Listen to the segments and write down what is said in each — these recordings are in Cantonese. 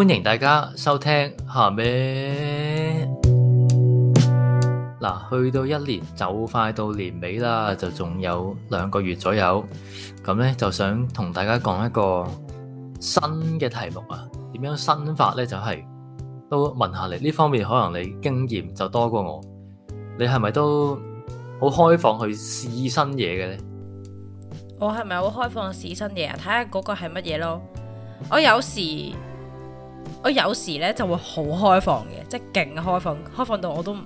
歡迎大家收聽下面嗱，啊、去到一年 就快到年尾啦，就仲有兩個月左右，咁咧就想同大家講一個新嘅題目啊，點樣新法咧就係、是，都問下你，呢方面可能你經驗就多過我，你係咪都好開放去試新嘢嘅咧？我係咪好開放試新嘢？睇下嗰個係乜嘢咯？我有時。我有時呢就會好開放嘅，即係勁開放，開放到我都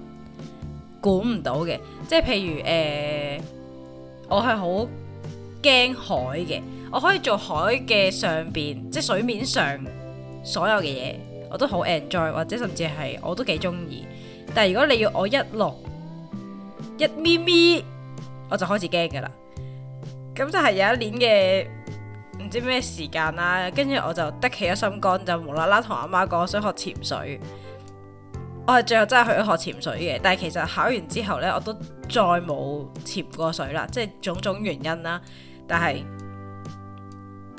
管唔到嘅。即係譬如誒、呃，我係好驚海嘅，我可以做海嘅上邊，即係水面上所有嘅嘢，我都好 enjoy，或者甚至係我都幾鍾意。但係如果你要我一落一咪咪，我就開始驚㗎喇。咁就係有一年嘅。唔知咩時間啦，跟住我就得起咗心肝，就無啦啦同阿媽講想學潛水。我係最後真係去咗學潛水嘅，但係其實考完之後呢，我都再冇潛過水啦，即係種種原因啦。但係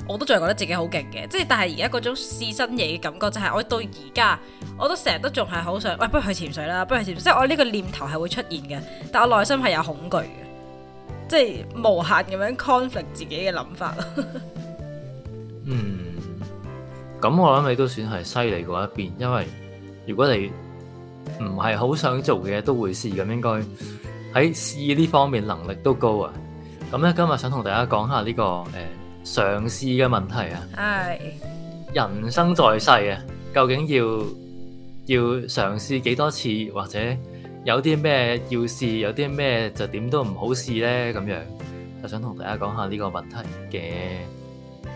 我都仲係覺得自己好勁嘅，即係但係而家嗰種試新嘢嘅感覺就係我到而家，我都成日都仲係好想，喂，不如去潛水啦，不如去潛水，即係我呢個念頭係會出現嘅，但我內心係有恐懼嘅，即係無限咁樣 conflict 自己嘅諗法。 嗯，咁我諗你都算係犀利過一邊，因為如果你唔係好想做嘅都會試，咁應該喺試呢方面能力都高啊。咁咧今日想同大家講下呢個誒嘗試嘅問題啊。係，Aye. 人生在世啊，究竟要要嘗試幾多次，或者有啲咩要試，有啲咩就點都唔好試呢？咁樣，就想同大家講下呢個問題嘅。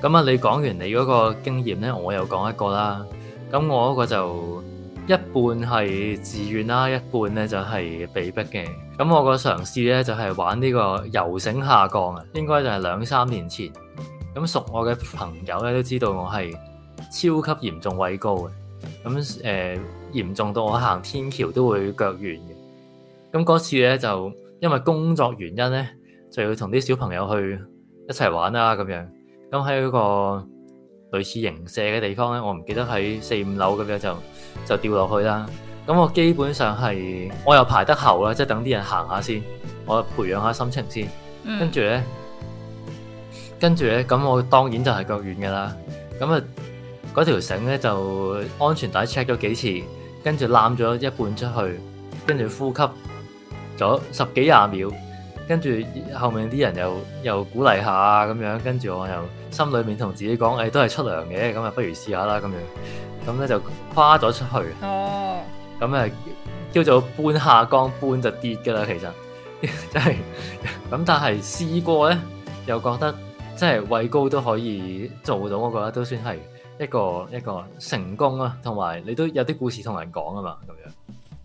咁啊！你講完你嗰個經驗咧，我又講一個啦。咁我嗰個就一半係自願啦，一半咧就係被逼嘅。咁我個嘗試咧就係玩呢個游繩下降啊。應該就係兩三年前。咁熟我嘅朋友咧都知道我係超級嚴重畏高嘅。咁誒、呃、嚴重到我行天橋都會腳軟嘅。咁嗰次咧就因為工作原因咧，就要同啲小朋友去一齊玩啦，咁樣。咁喺嗰個類似營舍嘅地方咧，我唔記得喺四五樓咁樣就就掉落去啦。咁我基本上係我又排得後啦，即係等啲人行下先，我培養下心情先。跟住咧、嗯，跟住咧，咁我當然就係腳軟㗎啦。咁啊，嗰條繩咧就安全帶 check 咗幾次，跟住攬咗一半出去，跟住呼吸咗十幾廿秒，跟住後面啲人又又鼓勵下咁樣，跟住我又。心裏面同自己講，誒、哎，都係出糧嘅，咁啊，不如試下啦，咁樣，咁咧就跨咗出去。哦，咁啊，叫做半下降，半就跌噶啦，其實真係，咁但係試過咧，又覺得真係畏高都可以做到，我覺得都算係一個一個成功啊，同埋你都有啲故事同人講啊嘛，咁樣，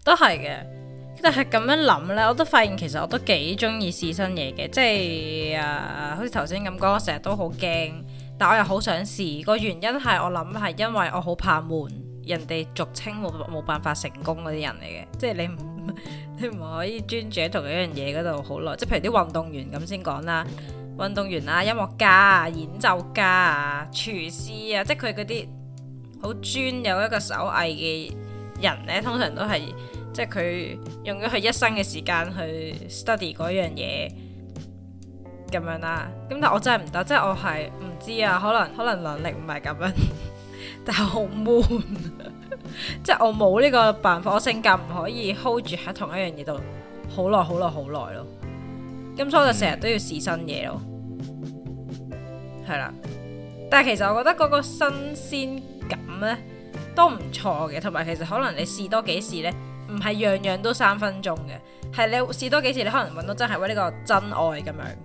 都係嘅。就係咁樣諗呢，我都發現其實我都幾中意試新嘢嘅，即係啊，好似頭先咁講，成日都好驚，但我又好想試。個原因係我諗係因為我好怕悶，人哋俗稱冇冇辦法成功嗰啲人嚟嘅。即係你唔你唔可以專注喺同一樣嘢嗰度好耐。即係譬如啲運動員咁先講啦，運動員啊、音樂家啊、演奏家啊、廚師啊，即係佢嗰啲好專有一個手藝嘅人呢，通常都係。即係佢用咗佢一生嘅時間去 study 嗰樣嘢咁樣啦。咁但係我真係唔得，即係我係唔知啊。可能可能能力唔係咁樣， 但係好悶啊。 即係我冇呢個辦法，我性格，唔可以 hold 住喺同一樣嘢度好耐、好耐、好耐咯。咁所以我就成日都要試新嘢咯。係啦，但係其實我覺得嗰個新鮮感咧都唔錯嘅，同埋其實可能你試多幾次咧。唔係樣樣都三分鐘嘅，係你試多幾次，你可能揾到真係搵呢個真愛咁樣，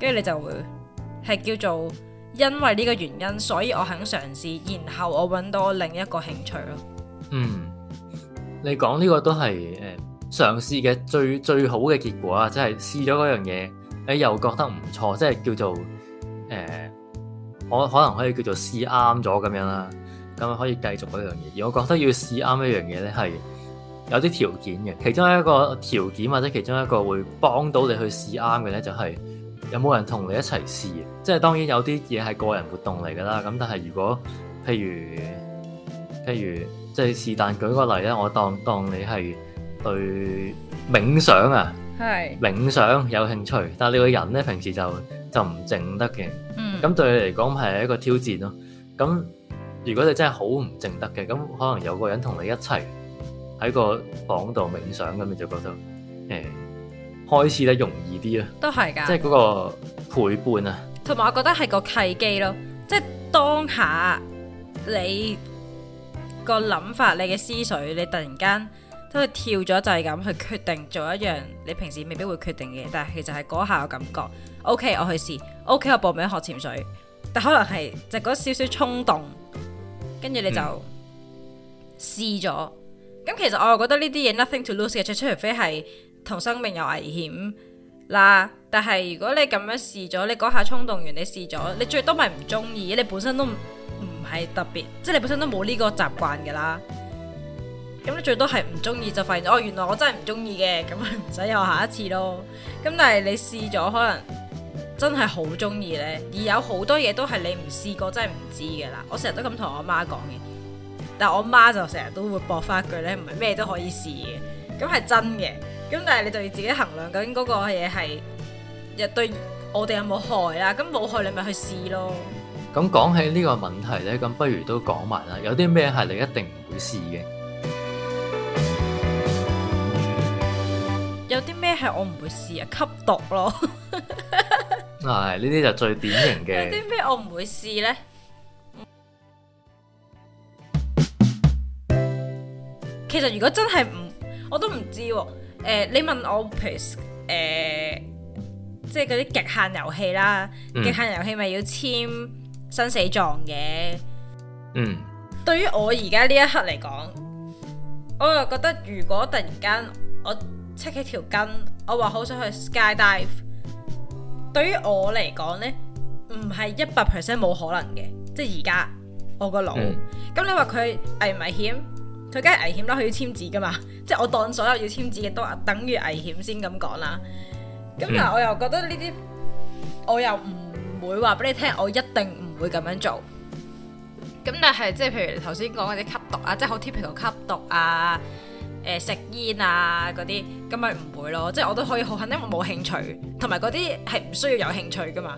跟住你就會係叫做因為呢個原因，所以我肯嘗試，然後我揾到另一個興趣咯。嗯，你講呢個都係誒嘗試嘅最最好嘅結果啊，即係試咗嗰樣嘢，你又覺得唔錯，即係叫做誒、呃、可可能可以叫做試啱咗咁樣啦，咁可以繼續嗰樣嘢。而我覺得要試啱一樣嘢呢係。有啲條件嘅，其中一個條件或者其中一個會幫到你去試啱嘅咧，就係有冇人同你一齊試。即係當然有啲嘢係個人活動嚟㗎啦。咁但係如果譬如譬如即係是但舉個例啦，我當當你係對冥想啊，係冥想有興趣，但係你個人咧平時就就唔靜得嘅。嗯。咁對你嚟講係一個挑戰咯。咁如果你真係好唔靜得嘅，咁可能有個人同你一齊，喺個房度冥想咁，你就覺得誒、欸、開始咧容易啲啊，都係噶，即係嗰個陪伴啊，同埋我覺得係個契機咯，即係當下你個諗法、你嘅思緒，你突然間都係跳咗就係咁去決定做一樣你平時未必會決定嘅嘢，但係其實係嗰下嘅感覺。嗯、OK，我去試，OK，我報名學潛水，但可能係就嗰少少衝動，跟住你就試咗、嗯。試咁其實我又覺得呢啲嘢 nothing to lose 嘅，最初除非係同生命有危險啦。但係如果你咁樣試咗，你嗰下衝動完，你試咗，你最多咪唔中意，你本身都唔係特別，即係你本身都冇呢個習慣噶啦。咁你最多係唔中意就發現，哦，原來我真係唔中意嘅，咁咪唔使有下一次咯。咁但係你試咗，可能真係好中意呢。而有好多嘢都係你唔試過，真係唔知噶啦。我成日都咁同我媽講嘅。但我媽就成日都會駁翻句咧，唔係咩都可以試嘅，咁係真嘅。咁但係你就要自己衡量究竟嗰個嘢係對我哋有冇害啊？咁冇害你咪去試咯。咁講起呢個問題咧，咁不如都講埋啦。有啲咩係你一定唔會試嘅？有啲咩係我唔會試啊？吸毒咯。 啊係，呢啲就最典型嘅。 有啲咩我唔會試咧？其實如果真係唔，我都唔知、啊。誒、呃，你問我譬如誒、呃，即係嗰啲極限遊戲啦，極、嗯、限遊戲咪要簽生死狀嘅。嗯。對於我而家呢一刻嚟講，我又覺得如果突然間我戚起條筋，我話好想去 sky dive，對於我嚟講呢，唔係一百 percent 冇可能嘅。即係而家我個腦，咁、嗯、你話佢危唔危險？佢梗係危險啦，佢要簽字噶嘛，即係我當所有要簽字嘅都等於危險先咁講啦。咁但係我又覺得呢啲，我又唔會話俾你聽，我一定唔會咁樣做。咁但係即係譬如頭先講嗰啲吸毒啊，即係好 typical 吸毒啊，誒食煙啊嗰啲，咁咪唔會咯。即係我都可以好肯定，我冇興趣，同埋嗰啲係唔需要有興趣噶嘛。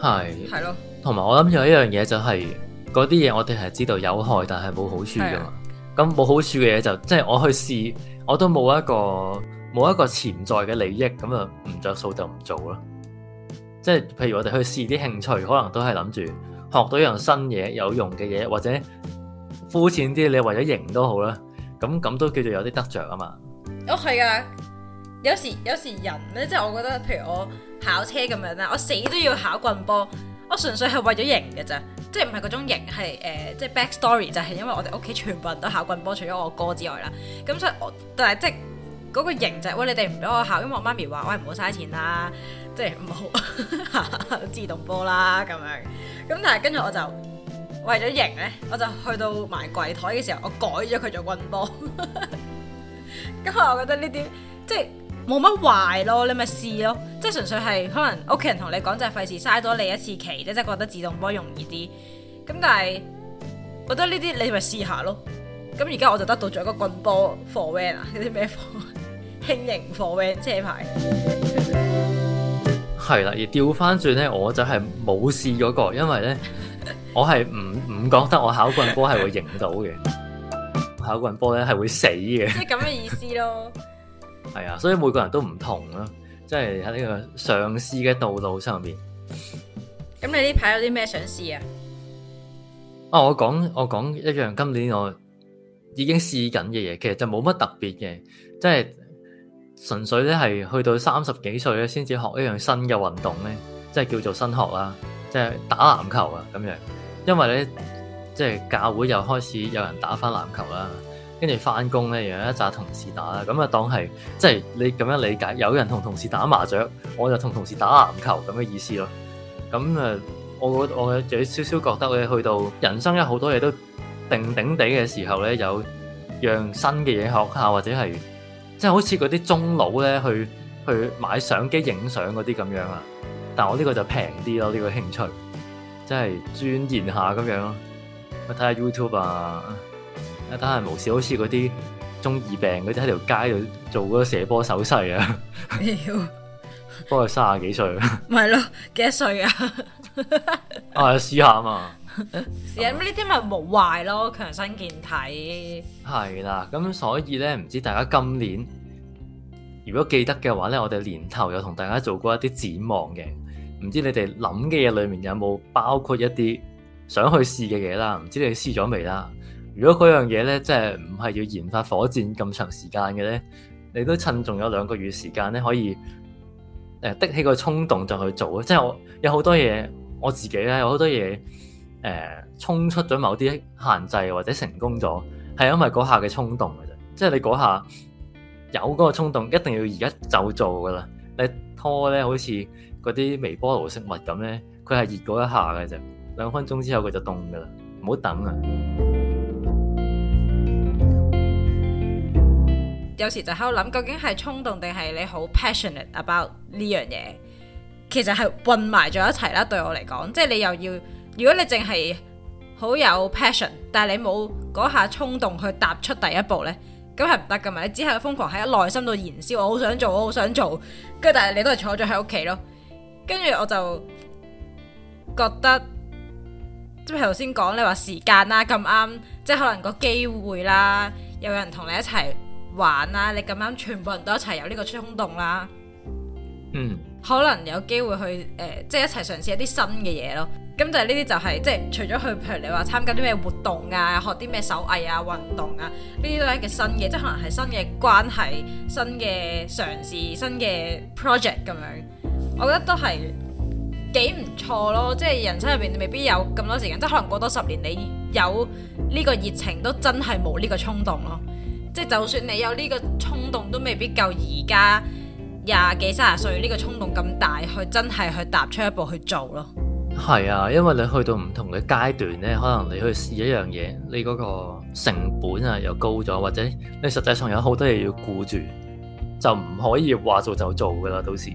係，嗯，係咯，同埋我諗住有一樣嘢就係嗰啲嘢，我哋係知道有害，但係冇好處噶嘛。咁冇好處嘅嘢就即係我去試，我都冇一個冇一個潛在嘅利益，咁啊唔着數就唔做啦。即係譬如我哋去試啲興趣，可能都係諗住學到一樣新嘢、有用嘅嘢，或者膚淺啲，你為咗贏都好啦。咁咁都叫做有啲得着啊嘛。哦，係啊，有時有時人咧，即係我覺得譬如我考車咁樣啦，我死都要考棍波，我純粹係為咗贏嘅咋。即係唔係嗰種型係誒、呃，即係 backstory 就係因為我哋屋企全部人都考棍波，除咗我哥，哥之外啦。咁所以我，但係即係嗰、嗰個型就係、係、喂，你哋唔俾我考，因為我媽咪話喂，唔好嘥錢啦，即唔好 自動波啦咁樣。咁但係跟住我就為咗型咧，我就去到埋櫃台嘅時候，我改咗佢做棍波。咁 我覺得呢啲即係。冇乜壞咯，你咪試咯，即係純粹係可能屋企人同你講就係費事嘥多你一次期，咧，即係覺得自動波容易啲。咁但係覺得呢啲你咪試下咯。咁而家我就得到咗個棍波貨 van 呢啲咩輕型貨 van 車牌。係啦，而調翻轉咧，我就係冇試嗰個，因為咧 我係唔唔覺得我考棍波係會贏到嘅， 考棍波咧係會死嘅。即係咁嘅意思咯。係啊，所以每個人都唔同啦，即係喺呢個嘗試嘅道路上面，咁你呢排有啲咩想試啊？啊、哦，我講我講一樣，今年我已經試緊嘅嘢，其實就冇乜特別嘅，即係純粹咧係去到三十幾歲咧先至學一樣新嘅運動咧，即係叫做新學啦，即係打籃球啊咁樣。因為咧，即係教會又開始有人打翻籃球啦。跟住返工咧，又有一扎同事打啦，咁啊當係即係你咁樣理解，有人同同事打麻雀，我就同同事打籃球咁嘅意思咯。咁啊，我我有少少覺得你去到人生有好多嘢都定定哋嘅時候咧，有讓新嘅嘢學下，或者係即係好似嗰啲中老咧去去買相機影相嗰啲咁樣啊。但我呢個就平啲咯，呢、呢個興趣即係鑽研下咁樣。我睇下 YouTube 啊。啊！但係無事，好似嗰啲中二病嗰啲喺條街度做嗰個射波手勢啊要！ 不過佢卅幾歲？唔係咯，幾多歲啊？ 啊，試下啊嘛！試下咁呢啲咪冇壞咯，強身健體。係啦、嗯，咁所以咧，唔知大家今年如果記得嘅話咧，我哋年頭有同大家做過一啲展望嘅，唔知你哋諗嘅嘢裡面有冇包括一啲想去試嘅嘢啦？唔知你試咗未啦？如果嗰樣嘢咧，即係唔係要研發火箭咁長時間嘅咧，你都趁仲有兩個月時間咧，可以誒的、呃、起個衝動就去做。即係我有好多嘢，我自己咧有好多嘢誒、呃，衝出咗某啲限制或者成功咗，係因為嗰下嘅衝動嘅啫。即係你嗰下有嗰個衝動，一定要而家就做噶啦。你拖咧，好似嗰啲微波爐食物咁咧，佢係熱嗰一下嘅啫，兩分鐘之後佢就凍噶啦，唔好等啊。有時就喺度諗，究竟係衝動定係你好 passionate about 呢樣嘢？其實係混埋咗一齊啦。對我嚟講，即係你又要如果你淨係好有 passion，但係你冇嗰下衝動去踏出第一步呢，咁係唔得噶嘛？你只係瘋狂喺內心度燃燒，我好想做，我好想做，跟住但係你都係坐咗喺屋企咯。跟住我就覺得即係頭先講你話時間啦，咁啱即係可能個機會啦，有人同你一齊。玩啊，你咁啱全部人都一齊有呢個衝動啦，啊，嗯，可能有機會去誒，呃，即係一齊嘗試一啲新嘅嘢咯。咁就係呢啲就係、是、即係除咗去，譬如你話參加啲咩活動啊，學啲咩手藝啊，運動啊，呢啲都係個新嘅，即係可能係新嘅關係、新嘅嘗試、新嘅 project 咁樣。我覺得都係幾唔錯咯，即係人生入邊未必有咁多時間，即係可能過多十年你有呢個熱情，都真係冇呢個衝動咯。即係，就算你有呢個衝動，都未必夠而家廿幾三十歲呢個衝動咁大，去真係去踏出一步去做咯。係啊，因為你去到唔同嘅階段呢，可能你去試一樣嘢，你嗰個成本啊又高咗，或者你實際上有好多嘢要顧住，就唔可以話做就做噶啦，到時。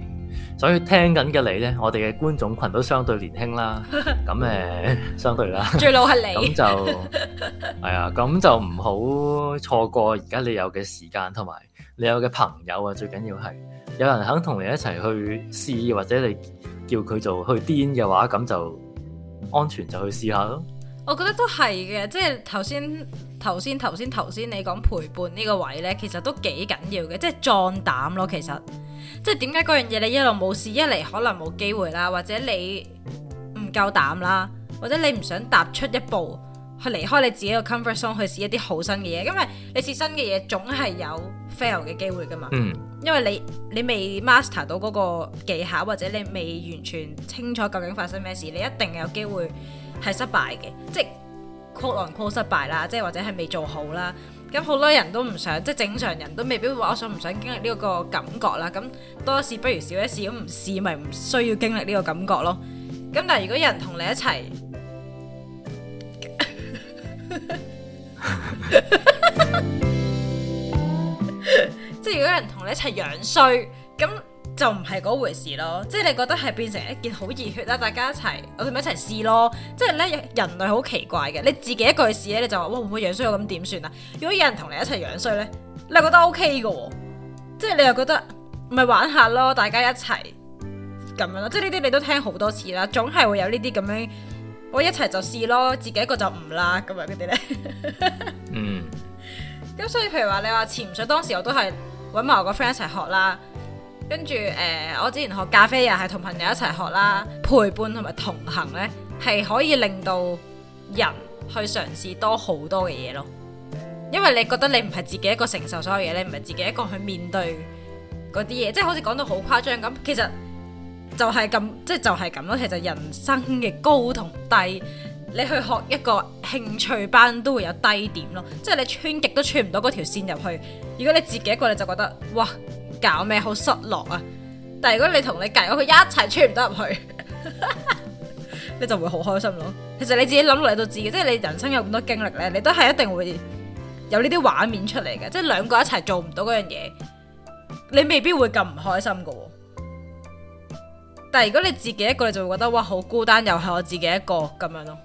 所以聽緊嘅你咧，我哋嘅觀眾群都相對年輕啦，咁誒、 嗯、相對啦，最老係你，咁 就係啊，咁、哎、就唔好錯過而家你有嘅時間同埋你有嘅朋友啊，最緊要係有人肯同你一齊去試，或者你叫佢做去癲嘅話，咁就安全就去試下咯。我覺得都係嘅，即係頭先頭先頭先頭先你講陪伴呢個位呢，其實都幾緊要嘅，即係壯膽咯。其實，即係點解嗰樣嘢你一路冇試，一嚟可能冇機會啦，或者你唔夠膽啦，或者你唔想踏出一步去離開你自己個 comfort zone 去試一啲好新嘅嘢，因為你試新嘅嘢總係有 fail 嘅機會噶嘛。嗯。因為你你未 master 到嗰個技巧，或者你未完全清楚究竟發生咩事，你一定有機會。係失敗嘅，即係 call on call 失敗啦，即係或者係未做好啦。咁好多人都唔想，即係正常人都未必話我想唔想經歷呢個感覺啦。咁多一事不如少一事，咁唔試咪唔需要經歷呢個感覺咯。咁但係如果有人同你一齊， 即係如果有人同你一齊樣衰咁。就唔係嗰回事咯，即係你覺得係變成一件好熱血啦，大家一齊，我哋咪一齊試咯。即係咧，人類好奇怪嘅，你自己一個人去試咧，你就話哇唔會樣衰我咁點算啊？如果有人同你一齊樣衰咧，你覺得 OK，即你又覺得 OK 嘅，即係你又覺得咪玩下咯，大家一齊咁樣咯。即係呢啲你都聽好多次啦，總係會有呢啲咁樣，我一齊就試咯，自己一個就唔啦咁樣嗰啲咧。 嗯。咁 所以譬如話你話潛水，當時我都係搵埋我個 friend 一齊學啦。跟住誒，我之前學咖啡又係同朋友一齊學啦，陪伴同埋同行呢，係可以令到人去嘗試多好多嘅嘢咯。因為你覺得你唔係自己一個承受所有嘢，你唔係自己一個去面對嗰啲嘢，即係好似講到好誇張咁。其實就係咁，即係就係咁咯。其實人生嘅高同低，你去學一個興趣班都會有低點咯，即係你穿極都穿唔到嗰條線入去。如果你自己一個，你就覺得哇～搞咩好失落啊！但係如果你同你隔我佢一齊穿唔得入去， 你就會好開心咯。其實你自己諗落你都知嘅，即係你人生有咁多經歷咧，你都係一定會有呢啲畫面出嚟嘅。即係兩個一齊做唔到嗰樣嘢，你未必會咁唔開心噶。但係如果你自己一個，你就會覺得哇好孤單，又係我自己一個咁樣咯。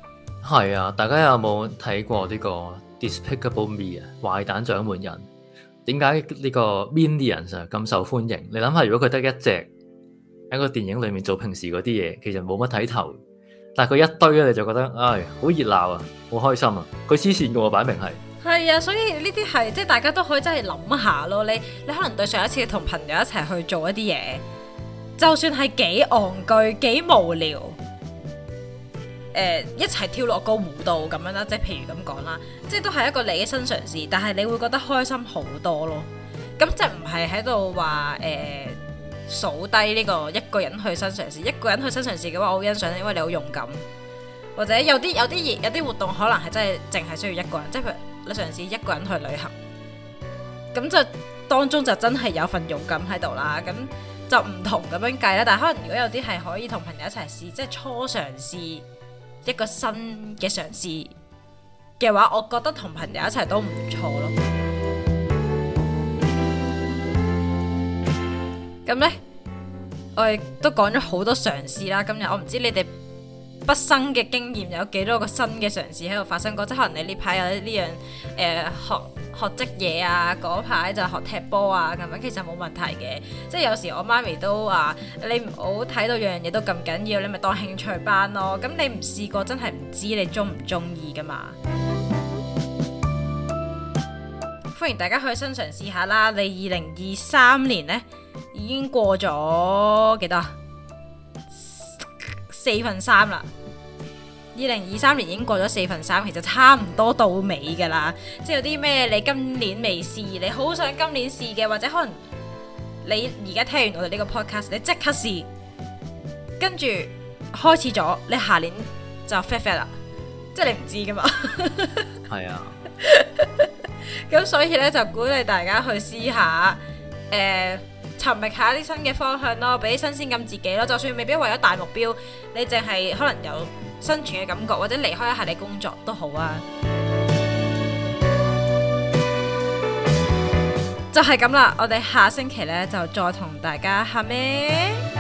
係啊，大家有冇睇過呢、這個《Despicable Me》啊？壞蛋掌門人。點解呢個 Minions 就咁受歡迎？你諗下，如果佢得一隻喺個電影裏面做平時嗰啲嘢，其實冇乜睇頭。但係佢一堆咧，你就覺得唉，好熱鬧啊，好開心啊。佢黐線嘅喎，擺明係。係啊，所以呢啲係即係大家都可以真係諗下咯。你你可能對上一次同朋友一齊去做一啲嘢，就算係幾戇居幾無聊，誒、呃、一齊跳落個湖度咁樣啦，即係譬如咁講啦，即係都係一個你嘅新嘗試。但係你會覺得開心好多咯。咁即係唔係喺度話誒數低呢個一個人去新嘗試，一個人去新嘗試嘅話，我好欣賞，因為你好勇敢。或者有啲有啲熱有啲活動，可能係真係淨係需要一個人，即係譬如你嘗試一個人去旅行，咁就當中就真係有份勇敢喺度啦。咁就唔同咁樣計啦。但係可能如果有啲係可以同朋友一齊試，即係初嘗試。一個新嘅嘗試嘅話，我覺得同朋友一齊都唔錯咯。咁咧、嗯， 我哋都講咗好多嘗試啦。今日我唔知你哋畢生嘅經驗有幾多個新嘅嘗試喺度發生過，即可能你呢排有呢樣誒學。學織嘢啊，嗰排就學踢波啊，咁樣其實冇問題嘅，即係有時我媽咪都話你唔好睇到樣樣嘢都咁緊要，你咪當興趣班咯。咁你唔試過真係唔知你鍾唔鍾意噶嘛？ 歡迎大家去新嘗試下啦！你二零二三年呢，已經過咗幾多？四分三啦。二零二三年已經過咗四分三，其實差唔多到尾㗎啦。即係有啲咩你今年未試，你好想今年試嘅，或者可能你而家聽完我哋呢個 podcast，你即刻試，跟住開始咗，你下年就 fail fail 啦。即係你唔知㗎嘛。係啊。咁所以呢，就鼓勵大家去試，試、呃、沉下，誒，尋覓下啲新嘅方向咯，俾啲新鮮感自己咯。就算未必為咗大目標，你淨係可能有。生存嘅感覺，或者離開一下你工作都好啊！ 就係咁啦，我哋下星期呢就再同大家哈咩？